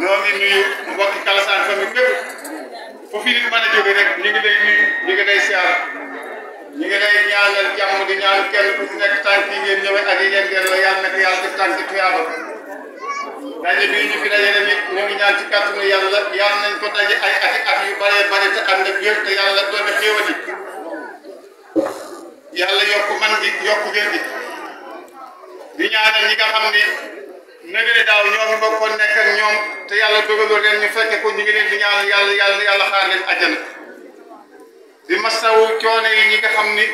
ñoo ngi nuyu mbokki Kalsane famille bépp foofu nit mën a jóge rek ñu ngi lay nuyu ñu ngi lay siyaar ñu ngi lay ñaanal jàmm di ñaan kenn ku ci nekk tànk ñëwee ak yi ngeen delloo yàlla nag yàlla def tànk tuyaaba daje bi ñu fi daje tamit ñu ngi ñaan ci kàttanu yàlla yàlla nañ ko daje ay ati at yu bëree bëri te ànd ak yëpp te yàlla doon na xéewati yàlla yokk man gi yokk wér gi di ñaanal ñi nga xam ni nag ne daaw ñoo ngi bokkoon nekk ñoom te yàlla dogaloo leen ñu fekke ko ñu ngi leen di ñaan yàlla yàlla yàlla xaar leen àjjana di masawu coono yi ñi nga xam ni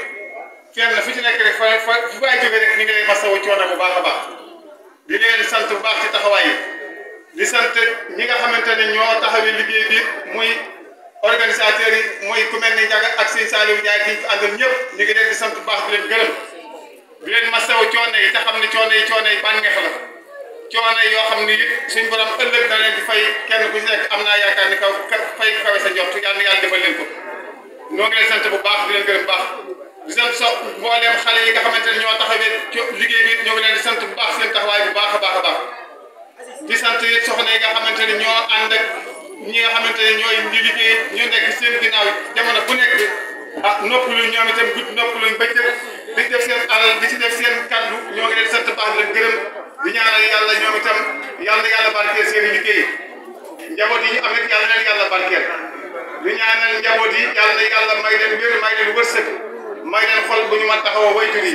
fi ci nekk rek fa fa fu waay jóge rek ñu ngi lay masawu coono bu baax a baax di leen sant bu yi di sant ñi nga xamante ne ñoo taxawee liggéey bi muy organisateurs yi muy ku mel ni Ndiaga ak sëñ Saliou Ndiaye gi ñu àndal ñëpp ñu ngi leen di sant bu baax di leen gërëm di leen masawu coono yi te xam ne coono yi coono yi bànneex la. coono yoo xam ni suñ borom ëllëg da leen di fay kenn ku nekk am naa yaakaar ni kaw fay kawe sa njort yàlla na yàlla defal leen ko ñoo ngi leen sant bu baax di leen gërëm baax di sant so mbooleem xale yi nga xamante ne ñoo taxawee liggéey bi ñoo ngi leen di sant bu baax seen taxawaay bu baax a baax a baax di sant it soxna yi nga xamante ne ñoo ànd ak ñi nga xamante ne ñooy di liggéey ñu nekk seen ginnaaw jamono bu nekk ah noppaluñ ñoom itam gudd noppaluñ bëccëg di def seen alal di ci def seen kaddu ñoo ngi leen sant gërëm di ñaanal yàlla ñoom itam yàlla yàlla barkeel seen i liggéey njaboot yi ñu am it yàlla na yàlla barkeel di ñaanal njaboot yi yàlla yàlla may leen wér may leen wërsëg may leen xol bu ñu mën taxawoo wayjur yi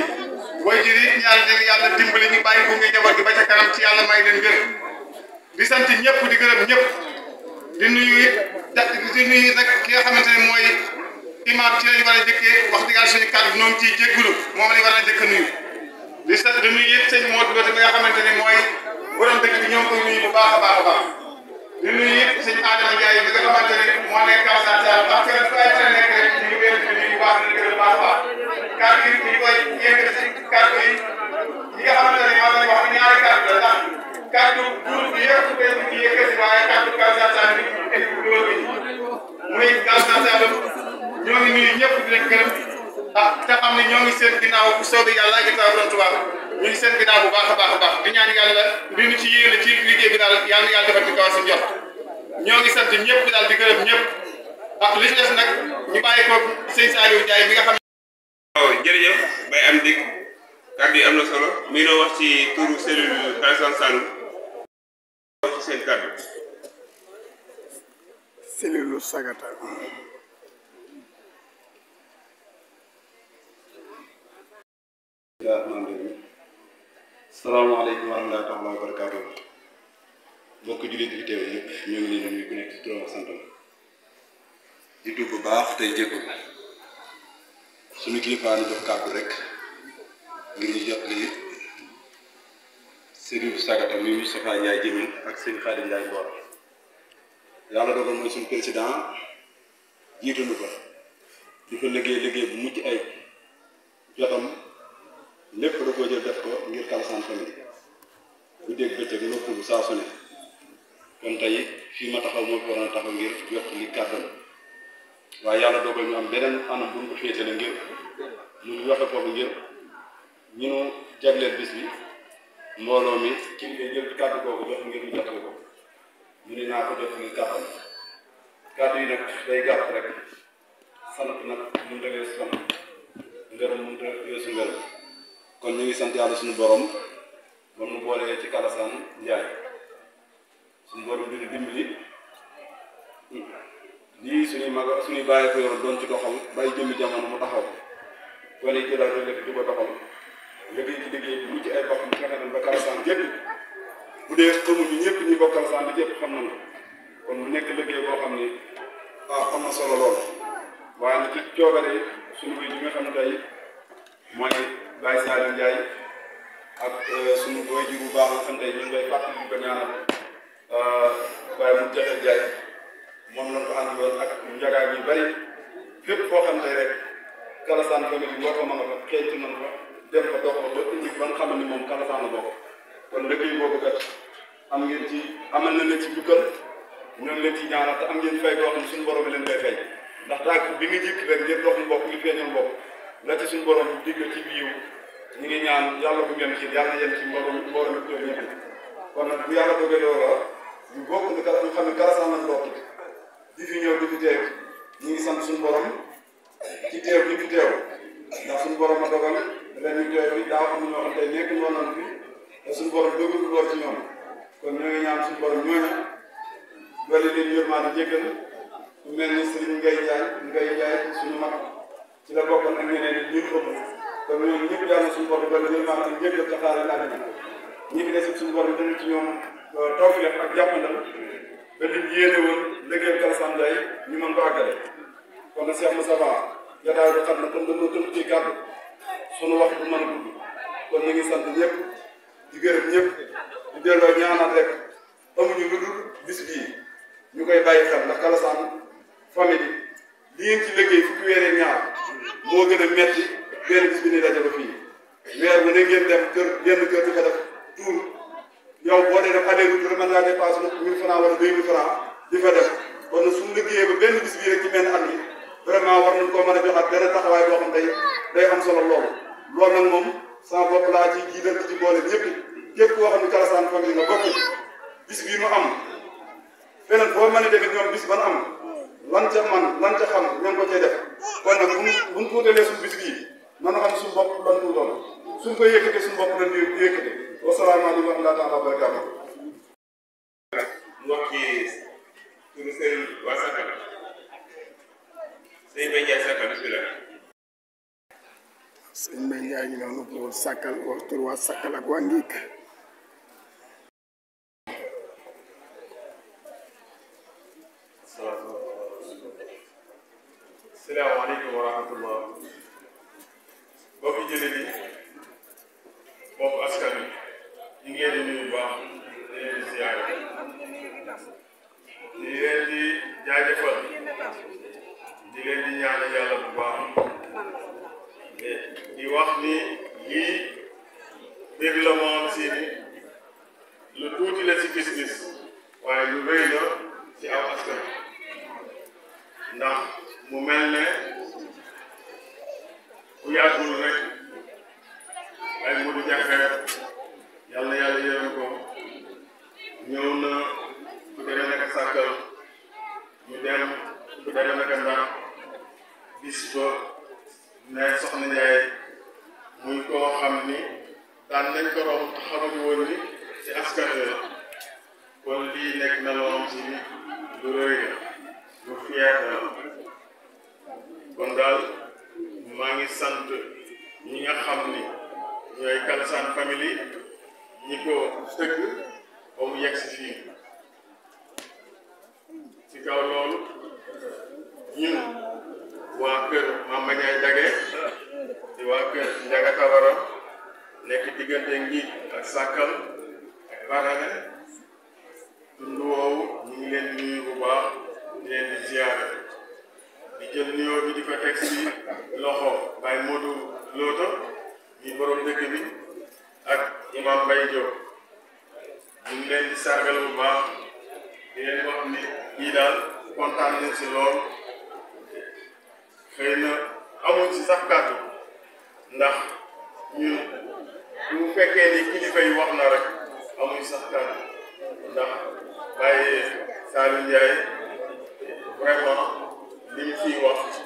wayjur yi ñaan leen yàlla dimbali ñu bàyyi gunge njaboot yi ba ca kanam ci yàlla may leen wér di sant ñëpp di gërëm ñëpp di nuyu di nuyu nag ki nga xamante ne mooy imaam ci lañ war a jëkkee wax dëgg yàlla suñu kàddu noonu ciy jéggulu moom lañ war a jëkk nuyu di sant di nuyu yëpp sëñ Modou Lo mi nga xamante mooy borom dëkk bi ñoo ngi koy baax baax baax di nuyu yëpp sëñ Adama Ndiaye mi nga xamante ne moo nekk Kaasaar ñoo ngi seen ginnaaw bu soobee yàlla ak borom Tuubaa ñu ngi seen ginnaaw bu baax a baax a baax di ñaan yàlla li ñu ci yéene ci liggéey bi daal yàlla yàlla defal ci kaw suñu jot ñoo ngi sant ñëpp daal di gërëm ñëpp ah li ci des ñu bàyyi si sëñ Saliou Ndiaye bi nga xam. waaw jërëjëf Baye am dégg kàddu yi am na solo mi noo wax ci turu cellule Vincent Saloum wax ci seen kàddu. Assalamualaikum warahmatullahi wabarakatuh. wa rahmatulah wa barakaatu mbokk ñu ngi di ku nekk ci turam santam di tuub bu baax tey jéggul suñu kilifa ñu jox kàddu rek ngir ñu jot li Serigne Sagata muy Moustapha Ndiaye Jëmin ak Khadim Ndiaye dogal suñu président ko di ko liggéey liggéey bu mucc ay jotam. lépp da koo jël def ko ngir Kalsane Family bu dégg bëccëg noppalu saa su ne kon tey fii ma taxaw moo fi waroon a taxaw ngir yokk li bu ñu ko féetale ngir ñu ngi waxe foofu ngir ñu jagleel bis bi mbooloo mi ci nga jël kàddu kooku jox ngir ñu jottali ko ñu ne naa ko jot ngir kàddu kàddu yi nag day gàtt rek. kon ñu ngi sant yàlla suñu borom moom nu boole ci kalasan Njaay suñu borom dina dimbali lii suñuy mag suñuy bàyyi ko yoroon doon ci doxal bàyyi jëmmi jamono mu taxaw ko ne jëlaat rek lépp di ko doxal nga ci liggéey bi mu ci ay bopp bi nga xam ba kalasan gépp bu dee ñu ñëpp ñi bokk kalasan bi ñëpp xam nañu kon mu nekk liggéey boo xam ne ah am na solo lool waaye ci coobare suñu bi nga xam ne tey mooy Baye Saliou Ndiaye ak suñu booy ji bu baax nga xam tey ñu ngi koy fàttali ñu ko ñaanal waaye mu joxe Ndiaye moom lañ ko àndaloon ak njagaar yu bëri fépp foo xam tey rek Kalasaan famille boo ko mën a fa xeetu nañ fa dem fa dox ba indi ba nga xam ne moom Kalasaan la bokk kon liggéey boobu kat am ngeen ci amal na leen ci dugal ñoom leen ci ñaanal te am ngeen fay boo xam ne suñu borom leen koy fay ndax taag bi nga jëkk rek ñëpp dox mu bokk li feeñoon bokk la ci suñu borom digal ci biir ñu ngi ñaan yàlla bu ngeen ci yàlla yem ci mbooloo mbooloo ak ñoom ñëpp kon nag bu yàlla bëggee loola ñu bokk ni kala ñu xam ne kala sax nañ bokk di fi ñëw di fi teew ñu ngi sant suñu borom ci teew bi fi teew ndax suñu borom a dogal ren ñu teew bi daaw am na ñoo xam tey nekk noonu nañ fi te suñu borom dogal lu door ci ñoom kon ñoo ngi ñaan suñu borom ñooñu doole leen yërmaande jéggal ku mel ni Serigne Ngaye Ndiaye Ngaye Ndiaye suñu mag ci la bokk ak ñeneen ñi ko mën kon ñoom ñëpp yàlla suñu ba léegi maanaam ñëpp def taxaare laaj bi ñi fi des suñu borom dana ci ñoom euh, tawfiq ak jàppandal ba li ñu yéene woon liggéey ñu mën ko àggale kon nag Cheikh Moussa Ba jotaay bi xam na comme dañoo tënk ci kàddu sunu wax du mën a gudd kon ñu ngi sant ñëpp di ñëpp di delloo ñaanal rek amuñu lu dul bis bii ñu koy bàyyi xel ndax Kalsam famille li ngeen ci liggéey fukki ñaar. moo gën a metti benn bis bi fii weer bu ne ngeen dem kër genn kër di ko def tuur yow boo dee def aller retour mën naa dépassé na mille franc wala deux mille franc di fa def kon nag suñu liggéeyee ba benn bis bii rek ci benn at mi vraiment war nañ koo mën a a benn taxawaay boo xam day day am solo loolu loolu nag moom sama bopp laa ci jiital ci boole ñëpp képp koo xam ne Kalassane famille nga bokk bis bii mu am feneen boo mën a demee ñoom bis ban am lan ca man lan ca xam ñoo ngi ko cay def kon nag buñ buñ tuutalee suñu bis bii nanu xam suñu bopp lan tuutoon suñ ko yëkkatee suñu bopp lan yëkkate wasalaamaaleykum wa rahmatulah wa wax ci suñu sëriñ waa Sakana sëñ Mbaye Ndiaye Sakana bi la sëñ Sakal waxtu waa Sakal ak waa Ngik e a né? teg si loxo Baye Modou Looto di borom dëkk bi ak imam Mbaye Diop ñu ngi leen di sargal bu baax di leen wax ni ñii daal kontaan nañ si lool xëy na amuñ si sax kàddu ndax ñun bu fekkee ni kilifa yi wax na rek amuñ sax kàddu ndax Baye Saliou Ndiaye vraiment li ñu fiy wax.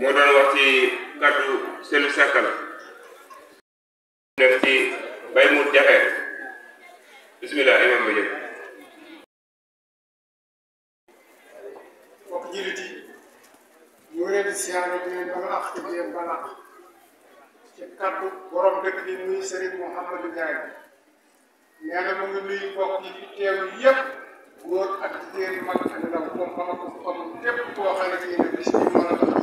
moo doon wax ci kàddu selu sàkkal def ci jaxee bismillah imam ba jël wax jullit yi di siyaare di leen bala ak di ci kàddu borom dëkk bi muy Serigne Mouhamadou Ndiaye nee na mu ngi nuyu mbokk yi fi teew yëpp góor ak jigéen mag ak ndaw moom ko xam képp koo xam ne ci yéen a bis bi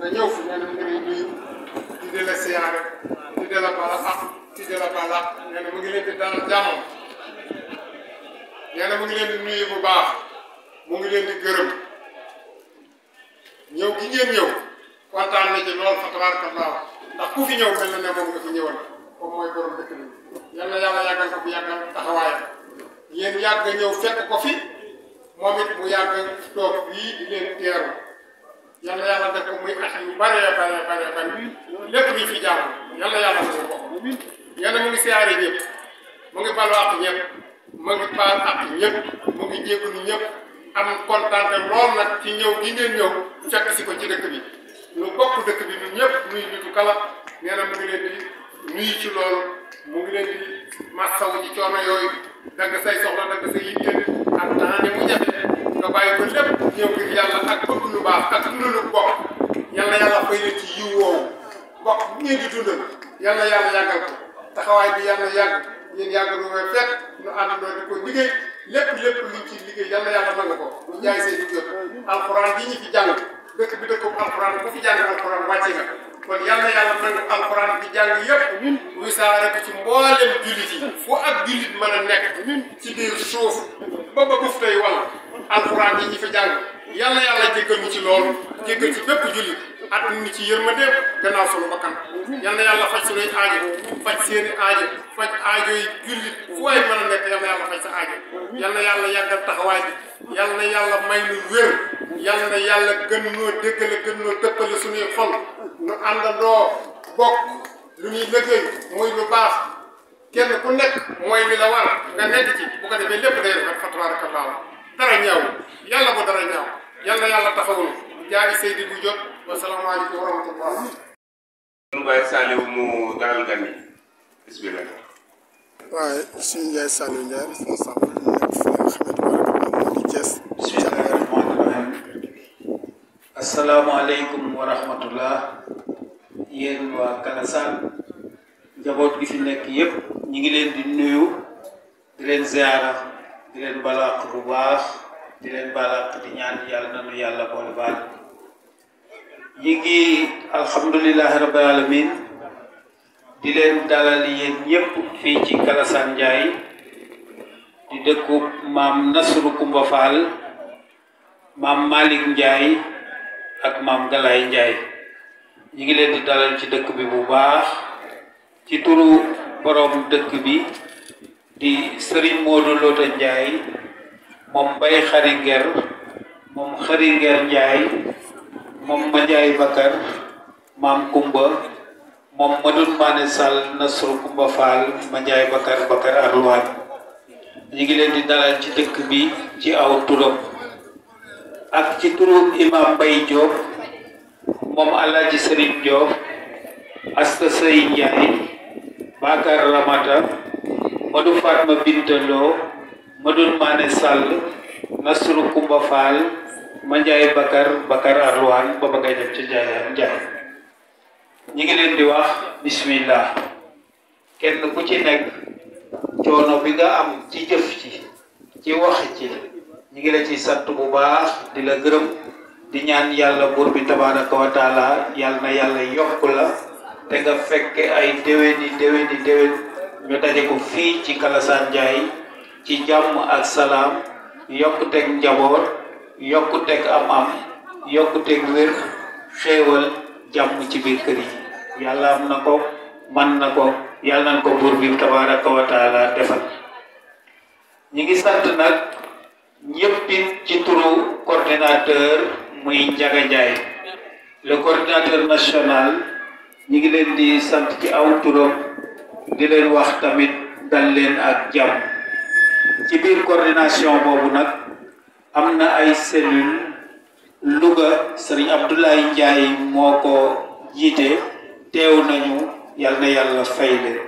nga ñëw fi nee na mu ngi lay nuyu di di la siyaare ah, di di la bala ak di di la bala nee na mu ngi leen di dalal jàmm nee na mu ngi leen di nuyu bu ku fi ñëw mel na ne moom nga fi ñëwal moom mooy borom dëkk bi yal na yàlla yàggal ko bu yàggal taxawaayam fekk ko fi moom mu yàgg toog fii di leen teeru yàlla yàlla def ko muy atam yu bare bare bare bare lépp ñu fi jaamu yàlla yàlla def ko yàlla mu ngi siyaare ñëpp mu ngi balu ak ñëpp mu ngi baal ak ñëpp mu ngi jégalu ñëpp am kontaante lool nag ci ñëw gi ngeen ñëw fekk si ko ci dëkk bi lu bokk dëkk bi ñun ñëpp nuyu nitu kala nee na mu ngi leen di nuyu ci loolu mu ngi leen di masawu ci coono yooyu dagg say soxla dagg say yitte ak dana mu jafe nga bàyyi ko lépp ñëw ngir yàlla ak bëgg lu baax ak dundalu bokk yàlla yàlla fay la ci yiw woowu bokk bu ngeen di dundal ko taxawaay bi yàlla yàgg yéen yàgg lu koy fekk nu àndandoo di ko liggéey lépp lépp luñ alxuraan bi ñu fi jàng dëkk bi dëkk bu alxuraan bu bi jàng ci mboolem jullit yi ak jullit mën a nekk ci biir suuf ba ba buf tey alquran yi ñi fi jang yalla yalla yàlla jéggal ñu ci lool jéggal ci bépp julit at ñu ci yërmandeem gannaaw solo bakkan yalla yalla yàlla faj sunuy aaje faj seeni aajo faj aajo yi jullit fu waay mën a nekk yalla yalla yàlla faj sa aajo yalla na yàlla yàggal bi yalla yalla may lu wër yalla yalla gën no déggale gën no dëppale suñu xol nu àndandoo bok lu ñuy liggéey moy lu baax kenn ku nekk mooy li la war nga nekk ci bu ko defee lépp day rafet fa allah dara ñaaw yàlla ko dara ñaaw mu dalal gan yi bismillah waaye suñu responsable ñu nekk fi nga xamante ne moo di waa Kalasaan njaboot gi fi nekk yépp ñi ngi leen di nuyu di leen di leen balaax bu baax di leen balaax di ñaan nañu yalla bo le baal yi ngi alhamdullilah rabbil alamin di leen dalal yeen ñepp fi ci Kalasaan jaay di dekkou mam Nasru Kumba Faal mam malik ak mam galay Njaay ñi ngi leen di dalal ci dekk bi bu baax ci turu borom dekk bi di Serigne Modou Lota Ndiaye moom Mbaye Khary Nguer moom Khary Nguer Ndiaye moom Mandiaye Bakar maam Kumba moom Madoune Mané Sall Nasru Kumba Fall Mandiaye Bakar Bakar Arlouane ñu ngi leen di dalal ci dëkk bi ci aw turam ak ci turu imam Mbaye Diop moom Alaaji Serigne Diop Asta Sey Ndiaye Bakar Ramata Modou Fatma Bintaloo Modou Mané Sall Nasru Kumba Fall ma Ndiaye Bakar Bakar Arlouane booba ngay dem ca Ndiaye Ndiaye ngi leen di wax bismillah kenn ku ci nekk coono bi nga am ci jëf ci ci wax ci ñi ngi la ci sant bu baax di la gërëm di ñaan yàlla buur bi tabaraka wa taala yàlla na yàlla yokk la te nga fekke ay déwéni déwéni déwén ñu daje ko fi ci Kalasaan Njaay ci jàmm ak salaam yokkuteg njaboot yokkuteg am-am yokkuteg wér xéewal jàmm ci biir kër yi yalla am nako man nako yalla yàlla nañ ko buur bi tabarak wa taala defal ñi ngi sant nak ñëppit ci turu coordinateur muy Njaga Njaay le coordinateur national ñi ngi leen di sant ci aw turam di leen wax tamit dal leen ak jàmm ci biir coordination boobu nag am na ay cellule Louga Serigne Abdoulaye Ndiaye moo ko jiite teew nañu yal na yàlla fay leen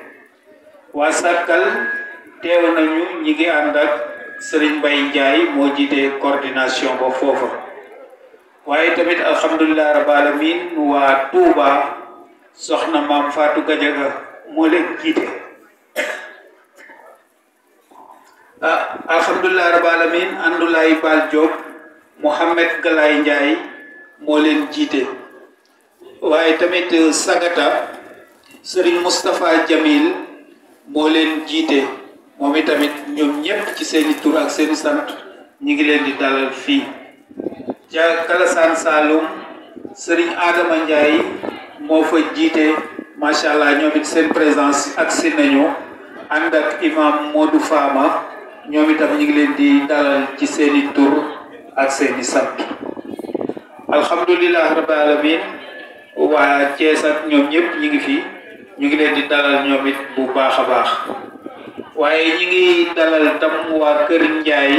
waa Sàkkal teew nañu ñi ngi ànd ak Serigne Mbaye Ndiaye moo jiite coordination ba foofa waaye tamit alhamdulilah rabbil alamin waa Touba soxna maam Fatou Gadiaga moo leen jiite ah alhamdulilah rabbil alamin Andoulaye Bal moo leen jiite waaye tamit euh, Sagata sëriñ Moustapha Jamil moo leen jiite moom i tamit ñoom ñépp ci seeni tur ak seeni sant ñi ngi leen di dalal fii ja Kalasaan Saloum Serigne Adama Ndiaye moo fa jiite macha allah ñoom it seen présence ak si nañu ànd ak imam Modou Fama ñoom itam ñu ngi leen di dalal ci seen i ak seen i sant alhamdulilah rabbi alamin wa Thiès ñoom ñëpp ñu ngi fi ñu ngi leen di dalal ñoom it bu baax baax waaye ñi ngi dalal tam Njaay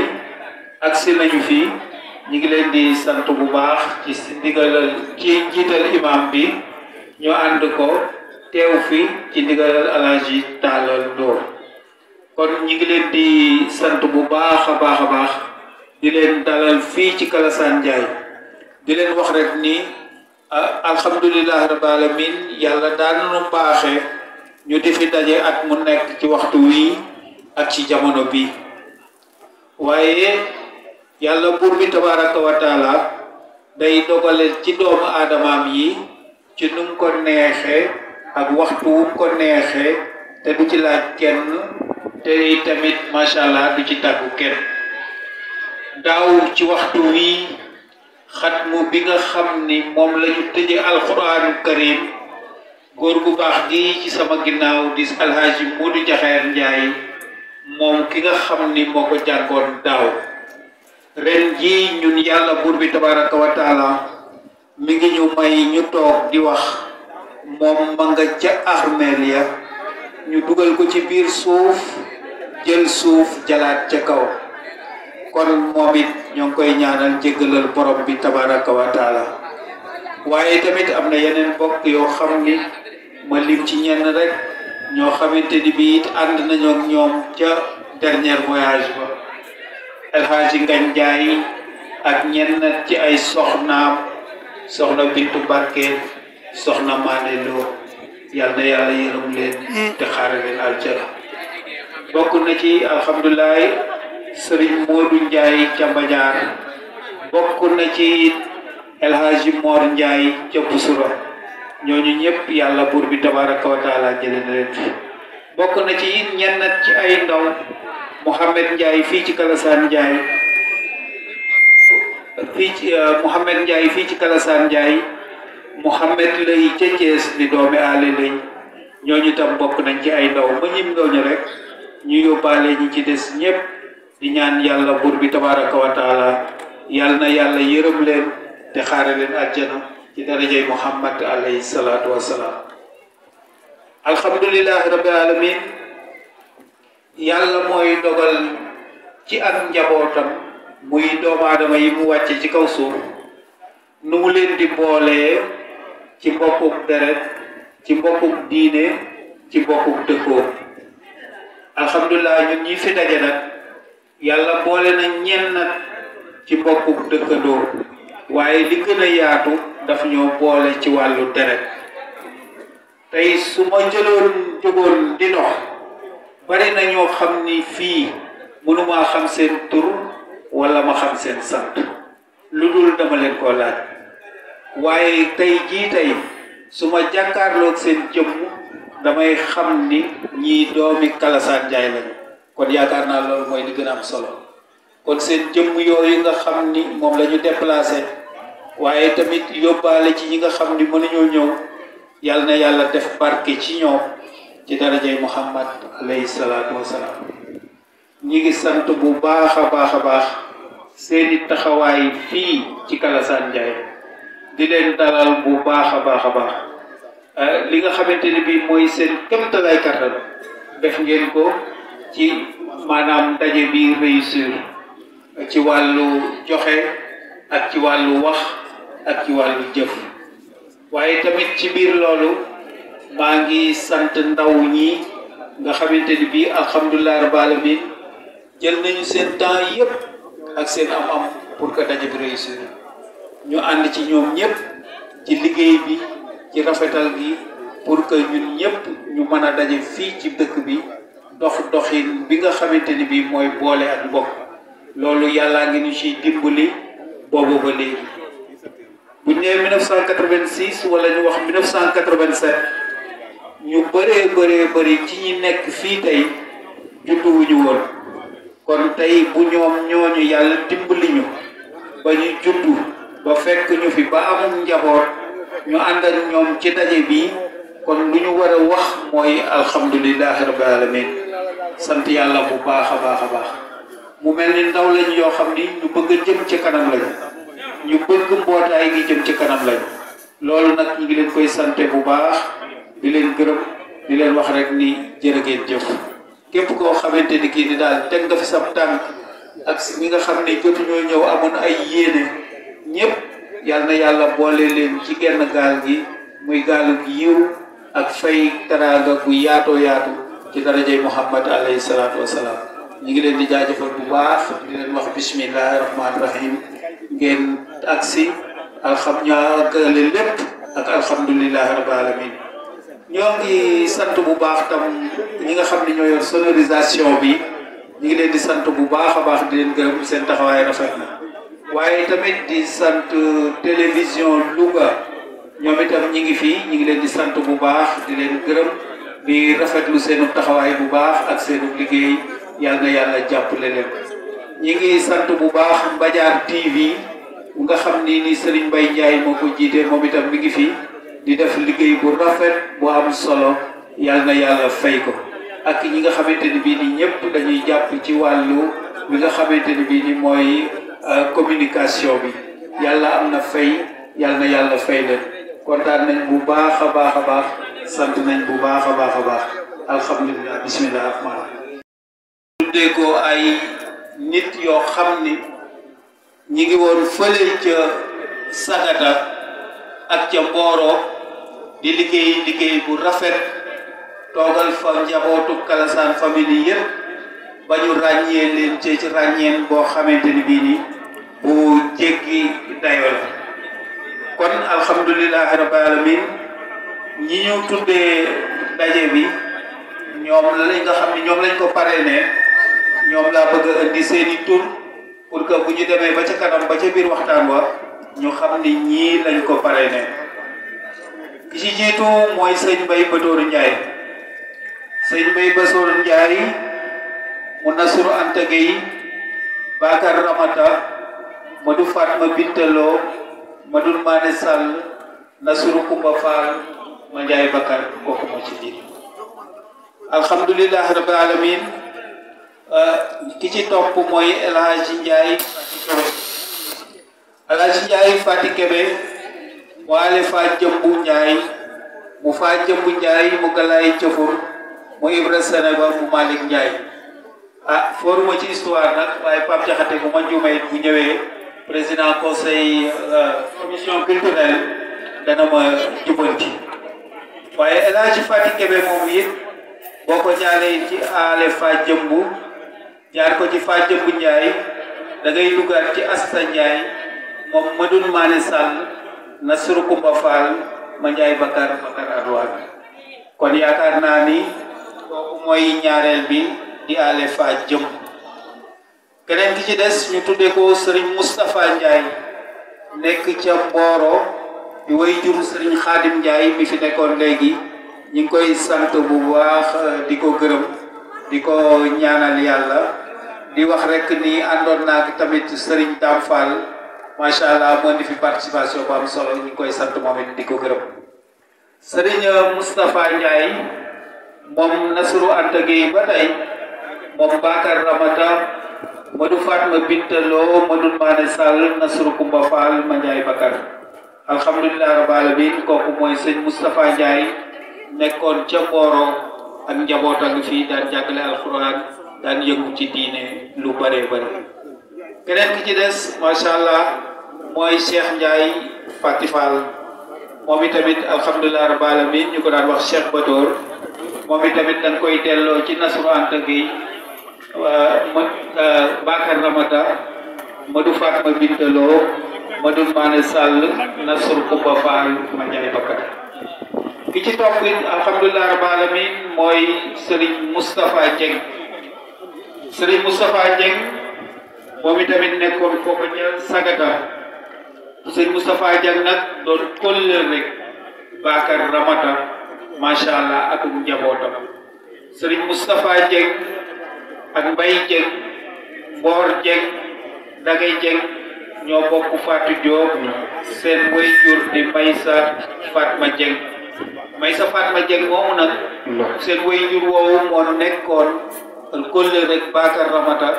ak si nañu fi ñu ngi leen di sant bu baax ci ndigalal ci imam bi ñu ànd ko teew fi ci ndigalal alaji talal kon ñi ngi leen di sant bu baax a baax a baax di leen dalal fii ci Kalasaan Njaay di leen wax rek ni alhamdulilah rabbil alamin yalla daal nu baaxé ñu di fi dajé at mu nekk ci waxtu wi ak ci jamono bi waaye yalla bur bi tabaraka wa taala day dogale ci doomu aadamaam yi ci num ko neexee ak waxtu wu ko neexee te du ci laaj kenn te tamit macha allah du ci tàggu kenn daaw ci waxtu wi xatmu bi nga xam ni moom la ñu tëje alquranu karim góor bu baax gi ci sama ginnaaw di alhaji Moodu Jaxeer Njaay moom ki nga xam ni moo ko jàngoon daaw ren ji ñun yàlla buur bi tabaraka wa taala ngi ñu may ñu toog di wax moom ma nga ca armeel ya ñu dugal ko ci biir suuf jël suuf jalaat ca kaw kon moom it ñoo ngi koy ñaanal jéggalal borom bi tabaraka wa waaye tamit am na yeneen bokk yoo xam ni ma lim ci ñenn rek ñoo xamante ni bii it ànd nañoo ak ñoom ca dernier voyage ba El Hadji Ngagne Ndiaye ak ñenn ci ay soxnaam soxna Bintu Barke soxna Mané Lo yal na yàlla eh. te xaare leen aljana bokk ci alhamdulilah Serigne Modou Ndiaye ca Mbajaar bokk na ci El Hadji Mor Ndiaye ca Busura ñooñu ñëpp yàlla buur bi tabaraka wa taala jële na ci it ñenn ci ay ndaw Mouhamed Ndiaye fii ci Kalasaan Ndiaye fii ci euh, Mouhamed Ndiaye fii ci Kalasaan Ndiaye Mouhamed lay ca Thiès di doomi aale lañ ñooñu tam bokk nañ ci ay ndaw ma ñim ñooñu rek ñu yóbbaale ñi ci des ñëpp di ñaan yàlla buur bi tabaraka wa taala yàlla na yàlla yërëm leen te xaare leen àjjana ci darajay Mouhamed alayhi salaatu wasalaam alhamdulilahi rabbil alamin yàlla mooy dogal ci ak njabootam muy doomu aadama yi mu wàcce ci kaw suuf nu mu leen di boolee ci bokkuk deret ci bokkuk diine ci bokkuk dëkkoo alhamdulilah ñun ñi fi daje nag yàlla boole na ñenn nag ci bokkuk dëkkandoo waaye li gën a yaatu daf ñoo boole ci wàllu deret tey su ma jëloon jógoon di dox bari na ñoo xam ni fii mënumaa xam seen tur wala ma xam seen sant lu dul dama leen koo laaj waaye tey jii tey su ma jàkkaarloog seen jëmm damay xam ni ñii doomi Kalasaan Njaay lañu kon yaakaar naa loolu mooy li gën a am solo kon seen jëmm yooyu nga xam ni moom la ñu déplacé waaye tamit yóbbaale ci ñi nga xam ni mënuñoo ñëw yàlla na yàlla def barke ci ñoom ci darajay Muhammad alayhi salaatu wasalaam ñi ngi sant bu baax a baax a baax seeni taxawaay fii ci Kalasaan Njaay di leen dalal bu baax a baax a baax eh, li nga xamante ni bii mooy seen kéemtalaay kattan def ngeen ko ci maanaam daje bi réussir ci wàllu joxe ak ci wàllu wax ak ci wàllu jëf waaye tamit ci biir loolu maa ngi sant ndaw ñi nga xamante ni bii alhamdulilah rabbil alamin jël nañu seen temps yépp ak seen am-am pour que daje bi réussir. ñu and ci ñoom ñëpp ci liggéey bi ci rafetal gi pour que ñun ñëpp ñu mën a daje fii ci dëkk bi dox doxin bi nga xamante ni bii mooy boole ak mbokk loolu yàllaa ngi ñu ciy dimbali boobu ba léegi bu ñu 1986 wala ñu wax 1987 ñu bëree bëree bëri ci ñi nekk fii tey wuñu woon kon tey bu ñoom ñooñu yàlla dimbali ñu ba ñu juddu ba fekk ñu fi ba amuñ njaboot ñu andal ak ñoom ci dajé bi kon lu ñu wara wax moy alhamdullilah rabbil alamin sant yalla bu baaxa baaxa baax mu melni ndaw lañ yo xamni ñu bëgg jëm ci kanam lañ ñu bëgg mbotay gi jëm ci kanam lañ loolu nak ñu ngi leen koy santé bu baax di leen gërëm di leen wax rek ni jërëgeen jëf képp ko xamante ni kii ni daal teg nga fi sa tànk ak mi nga xam ne jotuñoo ñëw amoon ay yéene ñépp yal na yàlla boole leen ci genn gaal gi muy gaalu yiw ak fay taraanga gu yaatoo yaatu ci darajay muhammad alayhi salaatu wasalaam ñu ngi leen di jaajëfal bu baax ñi leen wax bismillahi rahmaani rahim ngeen agsi alxam ñu àggale lépp ak alhamdulilahi rabbil alamin ñoo ngi sant bu baax tam ñi nga xam ne ñoo yor sonorisation bi ñu ngi leen di sant bu baax a baax di leen gërëm seen taxawaay rafet na waye tamit di sante télévision Louga ñom itam ñi ngi fi ñi ngi leen di sante bu baax di leen gërëm bi rafetlu seenu taxaway bu baax ak seenu liggéey yàlla na yàlla jàppale leen ñi ngi sante bu baax Mbadiar TV nga xam ni ni Serigne mbay Ndiaye moo ko jiite moom itam mi ngi fi di def liggéey bu rafet bu am solo yàlla na yàlla fay ko ak ñi nga xamante ni bii ni ñëpp dañuy jàpp ci wàllu bi nga xamante ni ni mooy Euh, communication bi yàlla am na fay yàlla na yàlla fay leen kontaan nañ bu baax a baax a baax sant nañ bu baax a baax a baax alhamdulilah bisimilah rahmaan rahim tuddee ko ay nit yoo xam ni ñi ngi woon fële ca sagata ak ca mbooroo di liggéey liggéey bu rafet toogal fa njabootu kalasaan famille yépp ba ñu ràññee leen ci ràññeen boo xamante ni bii nii bu jéggi dayoo kon alhamdulilah rabbil alamin ñi ñu tuddee daje bi ñoom lañ nga xam ne ñoom lañ ko paree laa bëgg a que bu ñu demee ba ca kanam ba ca biir waxtaan ñu xam ni lañ ko paree mooy sëñ Mbaye Batoor Ndiaye sëñ Mbaye Munassiru Anta Gueye Bakar Ramata Madou Fatma Binteloo Madou Mané Sall Nassirou Koumba Fall Mandiaye Bakar kooku moo ci jiit alhamdulilah rabbil alamin uh, ki ci topp mooy El Hadji Ndiaye El Hadji Kebe mu ale fa jëmbu Ndiaye mu fa jëmbu Ndiaye mu galaay cëfur mu Ibra Seneba mu Malick Ndiaye ah fooruma ci histoire nag waaye Pape Diakhaté bu ma juumee bu ñëwee président conseil euh, commission culturelle dana ma jubanti waaye El Hadj Fatick Kébé moom it boo ko ñaanee ci aale fa jëmbu jaar ko ci fa jëmbu Ndiaye ci Asta Ndiaye moom Madoune Mané Sall Nassirou Koumba Fall ma Ndiaye Bakar Bakar Adouane kon yaakaar naa ni mooy ñaareel bi. di fa Jëm keneen ki ci des ñu tuddé ko Serigne mustapha ndjay nek ci Mboro di way jur Serigne Khadim ndjay mi fi nekkon legi ñi ngi koy sant bu baax di ko gërëm di ko ñaanal yalla di wax rek ni na ak tamit Serigne tamfal ma sha allah mo ni fi participation ba am solo ñi ngi koy sant di ko gërëm Serigne mustapha ndjay mom Nasru Anta moom ramadan Ramata Madou Fatma Binta Lo bafal Maane Nasru Kumba fal ma Bakar alhamdulillah rabbil alamin kooku mooy sëñ Moustapha Ndiaye nekkoon ca Mboro ak njabootam fii daan jàngale alquran daan yëngu ci diine lu bare bare keneen allah Cheikh Fatifal moom tamit alhamdulillah rabbil alamin ñu ko daan wax Cheikh Batoor moom koy ci Nasru Euh, euh, Bakar Ramata Madou Fatma Bintaloo Madou Mané Sall Nasr Kumba Fall ma Ndiaye ki ci topp it alhamdulilah alamin mooy Serigne Moustapha Dieng Serigne Moustapha Dieng moom itamit nekkoon foofu ca Sagata Serigne Moustapha Dieng nag doon kóllëre rek Bakar Ramata macha allah ak njabootam Serigne Moustapha Dieng. ak mbay jëng boor jëng dagay jëng ñoo bokk Fatou Diop seen way jur di Maysa Fatma Jëng Maysa Fatma Jëng moomu nag seen way jur woowu moo nekkoon kolle rek Bakar Ramata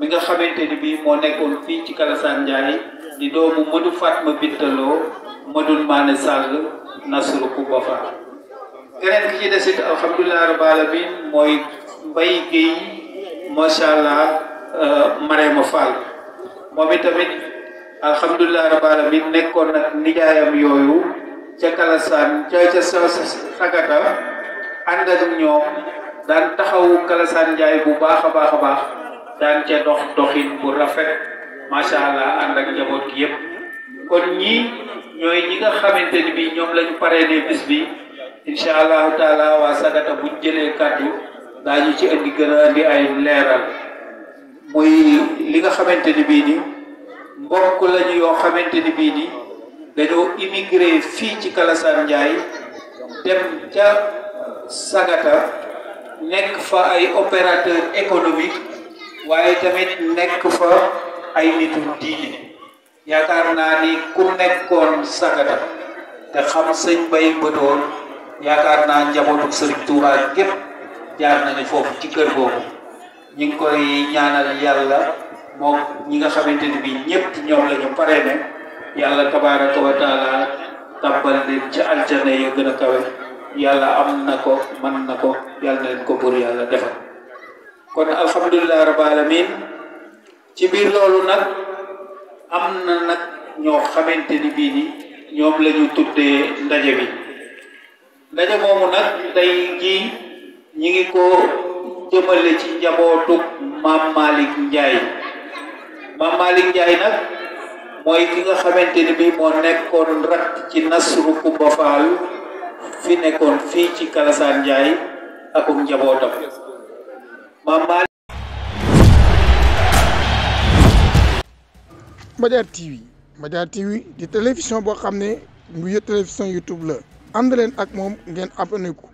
mi nga xamante ni bii moo nekkoon fii ci Kalasaan Njaay di doomu Modou Fatma Bintaloo Modou Maane Sall Nasru Kuba Fall keneen ki ci desit alhamdulilah rabbil alamin mooy Mbay Géy macha allah uh, Marème Fall moom itamit alhamdulilah rabbil alamin nekkoon nag nijaayam yooyu ca Kalasaan ca ca Sagata ànd ak ñoom daan taxawu Kalasaan Njaay bu baax a baax a baax dox doxin bu rafet macha allah ànd ak njaboot gi yëpp kon ñii ñooy ñi nga xamante ni bi ñoom lañu paree ne bis bi incha taala waa Sagata buñ daañu ci indi gën a indi ay leeral muy li nga xamante ni bii ni mbokk lañu yoo xamante ni bii ni dañoo immigré fii ci Kalasaan Njaay dem ca Sagata nekk fa ay opérateur économique waaye tamit nekk fa ay nitu diine yaakaar naa ni ku nekkoon Sagata te xam sëñ bay bëtoon yaakaar naa njabootu sëriñ Tuubaa gépp jaar nañu foofu ci kër googu ñu ngi koy ñaanal yàlla moom ñi nga xamante ni bii ñëpp ñoom la ñu ne yàlla tabaraka wa taala tàmbal leen ci aljana yu gën a kawe yàlla am na ko mën na ko yàlla na ko pour yàlla defal kon alhamdulilah rabbil alamin ci biir loolu nag am na nag ñoo xamante ni bii ni ñoom la ñu tuddee ndaje bi ndaje moomu nag tey jii ñi ngi ko jëmale ci njabootu maam Malick Ndiaye maam mooy ki nga xamante ni bi moo nekkoon rakk ci Nasru Kumba Faal fi nekkoon fii ci Kalasaan Ndiaye akum njabootam maam Malick TV di télévision boo xam ne mu yë télévision YouTube la ànd leen ak moom ngeen abonné ko